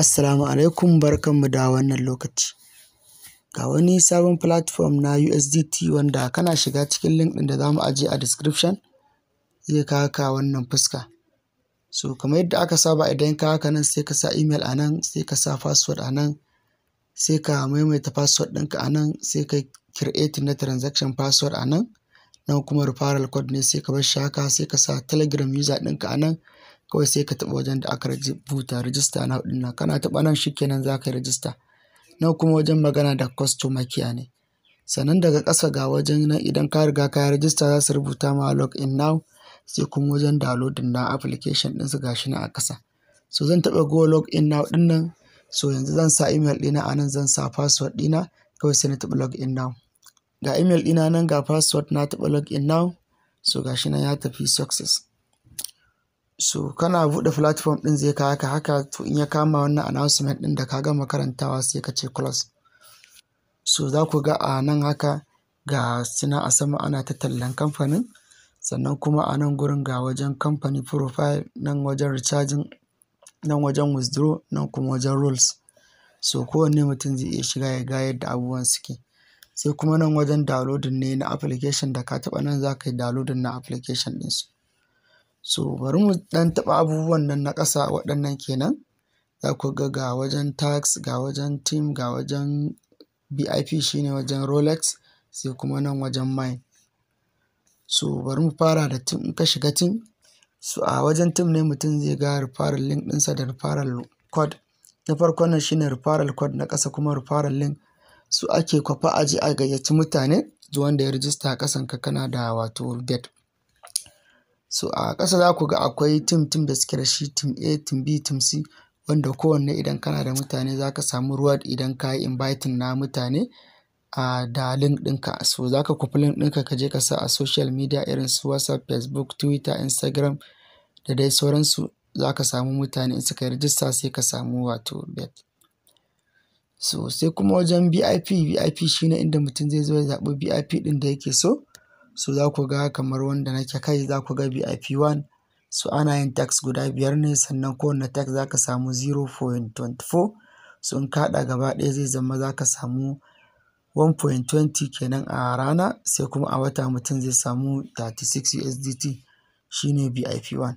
Assalamu alaikum mu da wannan lokaci. Ga wani sabon platform na USDT wanda kana shiga cikin link ɗin da za mu ajiye a description zai kawo ka wannan fuska. So kamar yadda aka saba idan ka haka nan sai ka sa email a nan sai ka sa password a nan sai ka maimaita password ɗinka a nan sai ka create na transaction password a nan nan kuma referral code ne sai ka bar shi haka sai ka sa telegram user ɗinka a nan kawai sai ka taɓa wajen da aka rubuta rijista na hudu nan kana taɓa nan shikenan za ka yi rijista nan kuma wajen magana da customer care ne sannan daga ƙasa ga wajen nan idan ka riga ka yi rijista za su rubuta ma log in now sai kuma wajen downloading na application ɗinsu ga shi nan a ƙasa so zan taɓa go log in now ɗin nan so yanzu zan sa email ɗina a nan zan sa password ɗina kawai sai na taɓa log in now ga email ɗina nan ga password na taɓa log in now so ga shi ya tafi success So kana buɗe platform ɗin zai kawo ka haka to in ya kama wannan announcement ɗin da ka gama karantawa sai ka ce class So za ku ga a nan haka ga suna a sama ana ta tallan kamfanin sannan kuma a nan gurin ga wajen company profile nan wajen recharging nan wajen withdraw nan kuma wajen rules. So kowanne mutum zai iya shiga ya ga yadda abubuwan suke. Sai kuma nan wajen downloading ne na application da ka taɓa nan za ka yi downloading na application ɗinsu. So bari mu dan taɓa abubuwan nan na ƙasa waɗannan kenan za ku ga ga wajen tax ga wajen team ga wajen BIP shine wajen Rolex sai kuma nan wajen mine. So bari mu fara da team ka shiga team so a wajen team ne mutum zai ga referral link ɗinsa da referral code na farko nan shine referral code na ƙasa kuma referral link su ake kwafa aji a gayyaci mutane da ya rijista a ka kana da wato date. So a ƙasa za ku ga akwai tim tim da suke da shi tim A, tim B, tim C wanda kowanne idan kana da mutane za ka samu ruwa idan ka yi inviting na mutane a da link ɗinka. So za ka kwafi link ɗinka ka je ka sa a social media irin su WhatsApp, Facebook, Twitter, Instagram da dai sauransu za ka samu mutane in suka yi rijista sai ka samu wato bet. So sai kuma wajen VIP, VIP shi ne inda mutum zai zo ya zaɓi VIP ɗin da yake so. Su za ku ga kamar wanda nake kai za ku ga VIP1 su ana yin tax guda biyar ne sannan kowane tax za ka samu 0.24 sun kaɗa gaba ɗaya zai zama za ka samu 1.20 kenan a rana sai kuma a wata mutum zai samu 36 USDT shine BIP1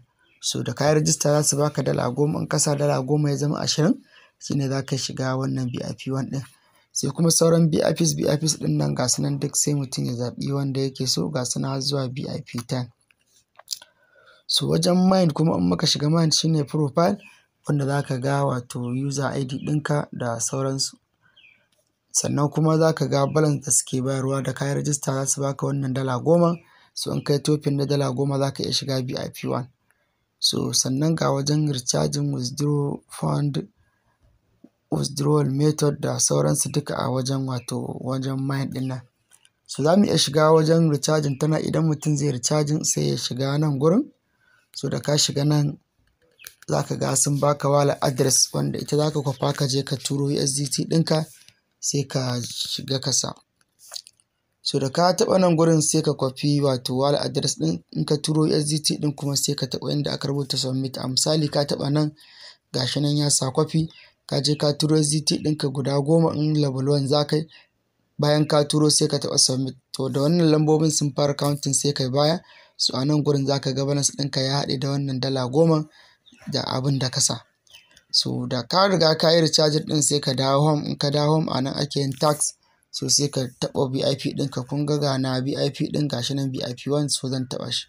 so da ka yi rajista za su baka dala goma in kasa dala goma ya zama ashirin shine za ka shiga wannan BIP1 ɗin. sai kuma sauran BIPs BIPs din nan ga nan duk sai mutum ya zaɓi wanda yake so ga su zuwa BIP 10 so wajen mind kuma in muka shiga mind shine profile wanda za ka ga wato user ID ɗinka da sauransu sannan kuma za ka ga balance da suke bayarwa da kayan rajista za su baka wannan dala goma so in kai tofin na dala goma za ka iya shiga bip 1 so sannan ga wajen recharging withdraw fund withdrawal method da sauransu duka a wajen wato wajen mind din nan so za mu iya shiga wajen recharging tana idan mutum zai recharging sai ya shiga nan gurin so da ka shiga nan za ka ga sun baka wallet address wanda ita za ka kwafa ka je ka turo USDT ɗinka sai ka shiga ka sa so da ka taɓa nan gurin sai ka kwafi wato wallet address ɗin in ka turo USDT ɗin kuma sai ka taɓa inda aka rubuta submit a misali ka taɓa nan gashi nan ya sa kwafi ka je ka turo zt ɗinka guda goma in level 1 za kai bayan ka turo sai ka taɓa submit to da wannan lambobin sun fara counting sai kai baya su a nan gurin za ka ga balance ɗinka ya haɗe da wannan dala goma da abin da ka sa so da ka riga ka yi recharging ɗin sai ka dawo home in ka dawo home a nan ake yin tax so sai ka taɓa vip ɗinka kun ga ga na vip ɗin gashi nan vip 1 so zan taɓa shi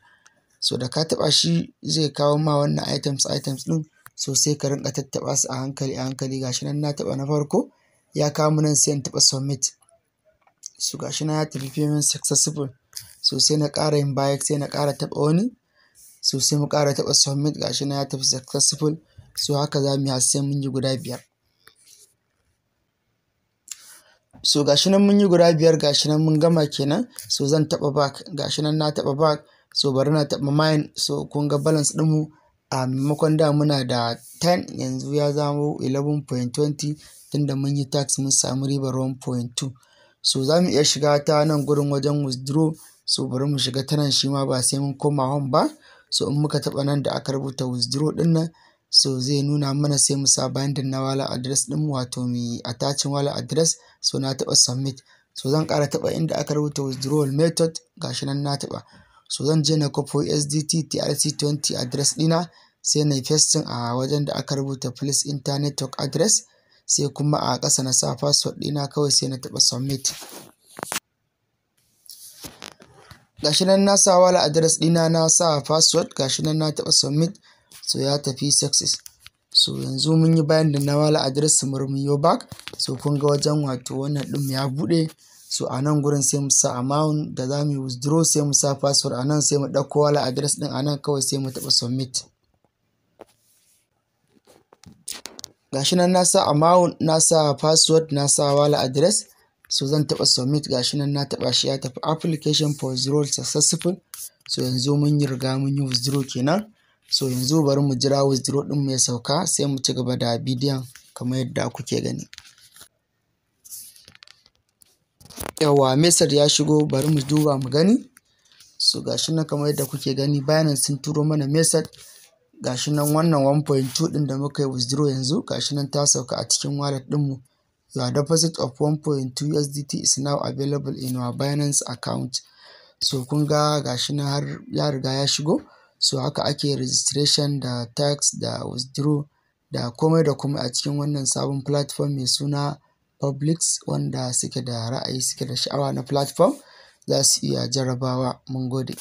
so da ka taɓa shi zai kawo ma wannan items items ɗin so sai ka rinka tattaɓa su a hankali a hankali gashi nan na taɓa na farko ya kawo nan sai in taɓa submit so gashi nan ya tafi payment successful so sai na ƙara yin bayan sai na ƙara taɓa wani so sai mu ƙara taɓa submit gashi nan ya tafi successful so haka za mu yi sai mun yi guda biyar so gashi nan mun yi guda biyar gashi nan mun gama kenan so zan taɓa back gashi nan na taɓa back so bari na taɓa mine so kun ga balance ɗinmu a maimakon da muna da 10 yanzu ya zamo 11.20 tunda mun yi tax mun samu ribar 1.2 So za mu iya shiga ta nan gurin wajen withdraw so bari mu shiga ta nan shi ma ba sai mun koma home ba. So in muka taba nan da aka rubuta withdraw din nan so zai nuna mana sai mu sa binding na wallet address din mu wato mi attaching wallet address so na taba submit. So zan kara taba inda aka rubuta withdrawal method ga nan na taba so zan je na kofo sdt trc20 address ɗina sai na yi a wajen da aka rubuta plus internet talk address sai kuma a kasa na sa password ɗina kawai sai na taɓa submit gashi nan na sa wala address dina na sa password gashi nan na taɓa submit so ya tafi success so yanzu mun yi bayan da na wala address mu yi back so kun ga wajen wato wannan ɗin ya buɗe so a nan gurin sai mu sa amount da za mu withdraw sai mu sa password a nan sai mu ɗauko wala address ɗin a nan kawai sai mu taɓa submit gashi nan na sa amount na sa password na sa wala address so zan taɓa submit gashi nan na taɓa shi ya tafi application for withdrawal successful so yanzu mun yi riga mun yi withdraw kenan so yanzu bari mu jira withdraw ɗin mu ya sauka sai mu ci gaba da bidiyon kamar yadda kuke gani yawwa mesar ya shigo bari mu duba mu gani so gashi nan kamar yadda kuke gani binance sun turo mana mesar gashi nan wannan 1.2 din da muka yi withdraw yanzu gashi nan ta sauka a cikin wallet mu. your deposit of 1.2 USDT is now available in our Binance account so kun ga gashi nan har ya riga ya shigo so haka ake registration da tax da withdraw da komai da komai a cikin wannan sabon platform mai suna publics wanda suke da ra'ayi suke da sha'awa na platform za su iya jarabawa Mun gode.